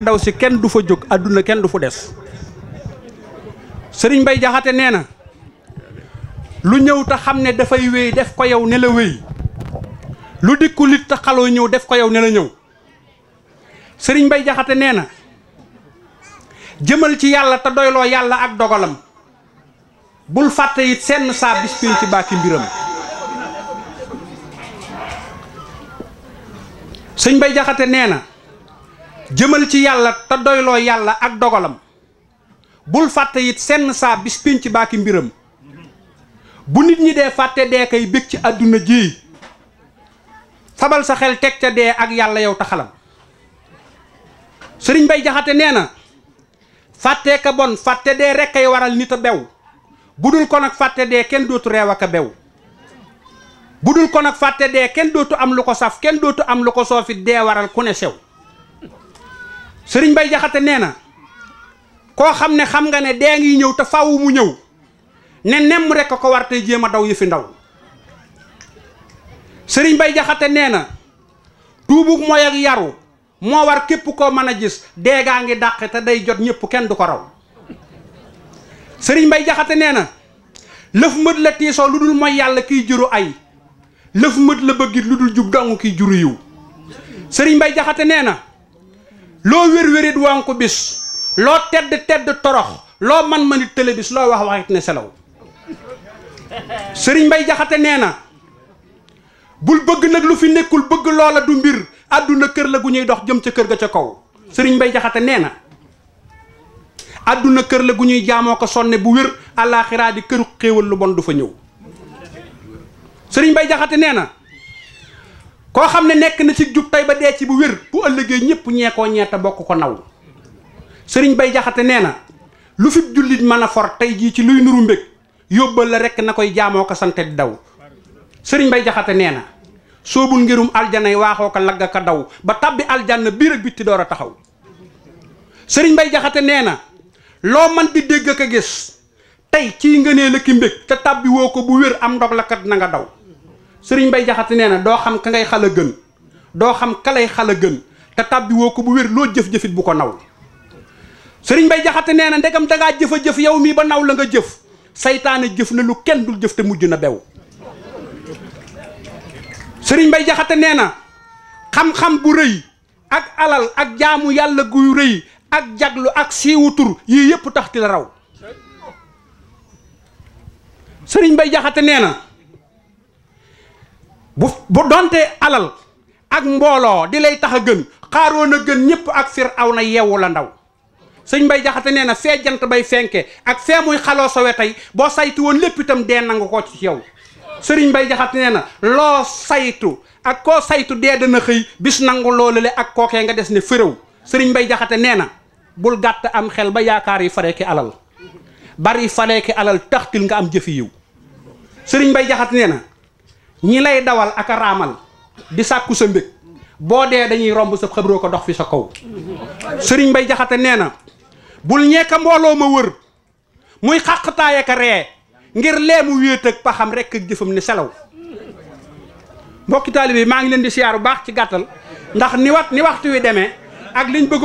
ndaw si kenn du fa jóg àdduna kenn du fa des sëriñ bay Jaxate nee na lu ñëw te xam ne dafay wéy def ko yow ne la wéy lu dikkul it te xaloo ñëw def ko yow ne la ñëw sëriñ bay Jaxate nee na jëmal ci yàlla te doyloo yàlla ak dogalam bul fàtte it senn saa bis ci bàkki mbiram sëñ Mbay Jaxate nee na jëmal ci yàlla te doyloo yàlla ak dogalam bul fàtte it senn saa bis pénc baaki mbiram bu nit ñi dee fàtte dee kay bég ci àdduna ji sabal sa xel teg ca dee ak yàlla yow taxalam sëriñ bay jaxate nee na fàtte ka bon fàtte dee rek kay waral nit a bew bu dul ko nag fàtte dee kenn dootu reew ak bew bu dul ko nag fàtte dee kenn dootu am lu ko saf kenn dootu am lu ko soofi dee waral ku ne sew sëriñ Bay Jaxate nee na koo xam ne xam nga ne dee ngi ñëw te faaw mu ñëw ne nemm rek a ko war tey jéem a daw yi fi ndaw sëriñ Bay Jaxate nee na tuubug mooy ak yaru moo war képp koo mën a gis dee gaa ngi dàq te day jot ñëpp kenn du ko raw sëriñ Bay Jaxate nee na lëf mët la tiisoo lu dul mooy yàlla kiy juru ay lëf mët la bëggit lu dul jub dong kiy juru yiw sëriñ Bay Jaxate nee na loo wér-wérit wan ko bis loo tedd tedd torox loo man-man it tële loo wax waxit ne selaw sëriñ bay Jaxate nee na bul bëgg nag lu fi nekkul bëgg loola du mbir àdduna kër la gu ñuy dox jëm ca kër ga ca kaw sëriñ bay Jaxate nee na àdduna kër la gu ñuy jaamoo ko sonne bu wér àllaaxiraa di këru xéewal lu bon du fa ñëw sëriñ bay Jaxate nee na koo xam ne nekk na ci jub tey ba dee ci bu wér bu ëllëgee ñëpp ñee koo ñeete bokk ko naw sëriñ bay jaxate nee na lu fit jullit mën a for tey jii ci luy nuru mbég yóbbal la rekk na koy jaamoo ko sante di daw sëriñ bay jaxate nee na soobul ngirum aljanay waaxoo ko lagg ka daw ba tabbi aljanna biir ak bitti door a taxaw sëriñ bay jaxate nee na loo man di dégg ak a gis tey ciy ngënee la ki mbég te tabbi ko bu wér am ndog la kat na nga daw sëriñ bay Jaxate nee na doo xam ka ngay xal a gën doo xam ka lay xal a gën te tàbbi woo ko bu wér loo jëf-jëfit bu ko naw sëriñ Mbay Jaxate nee na ndegam dangaa jëf a jëf yow mii ba naw la nga jëf seytaane jëf na lu kenn dul jëf te mujj na bew sëriñ Mbay Jaxate nee na xam-xam bu rëy ak alal ak jaamu yàlla guy rëy ak jaglu ak siiwu siiwutur yii yépp tax ti la raw sëriñ Mbay Jaxate nee na bu bu donte alal ak mbooloo di lay tax a gën xaaroon a gën ñëpp ak fir aw na yeewu la ndaw sëñ bay jaxate nee na fee jant bay fenke ak fee muy xaloo sowe tey boo saytu woon lépp itam dee nangu ko ci yow sëriñ bay jaxate nee na loo saytu ak koo saytu dee dana xëy bis nangu loolale ak kookee nga des ne fëréw sëriñ mbay jaxate nee na bul gàtt am xel ba yaakaar yi fareeki alal bari fareeki alal taxtil nga am jëfi yiw sëriñ bay jaxate nee na ñi lay dawal ak a raamal di sàkku sa mbég boo dee dañuy romb sa xabroo ko dox fi sa kaw sëriñ Mbay Jaxate nee na bul ñeeka mbooloo ma wër muy xàqtaay ak a ree ngir leemu wéet ak paxam rekk ak jëfam ni selaw mbokki taalibe bi maa ngi leen di siyaar baax ci gàttal ndax ni wat ni waxtu wi demee ak liñ bëgg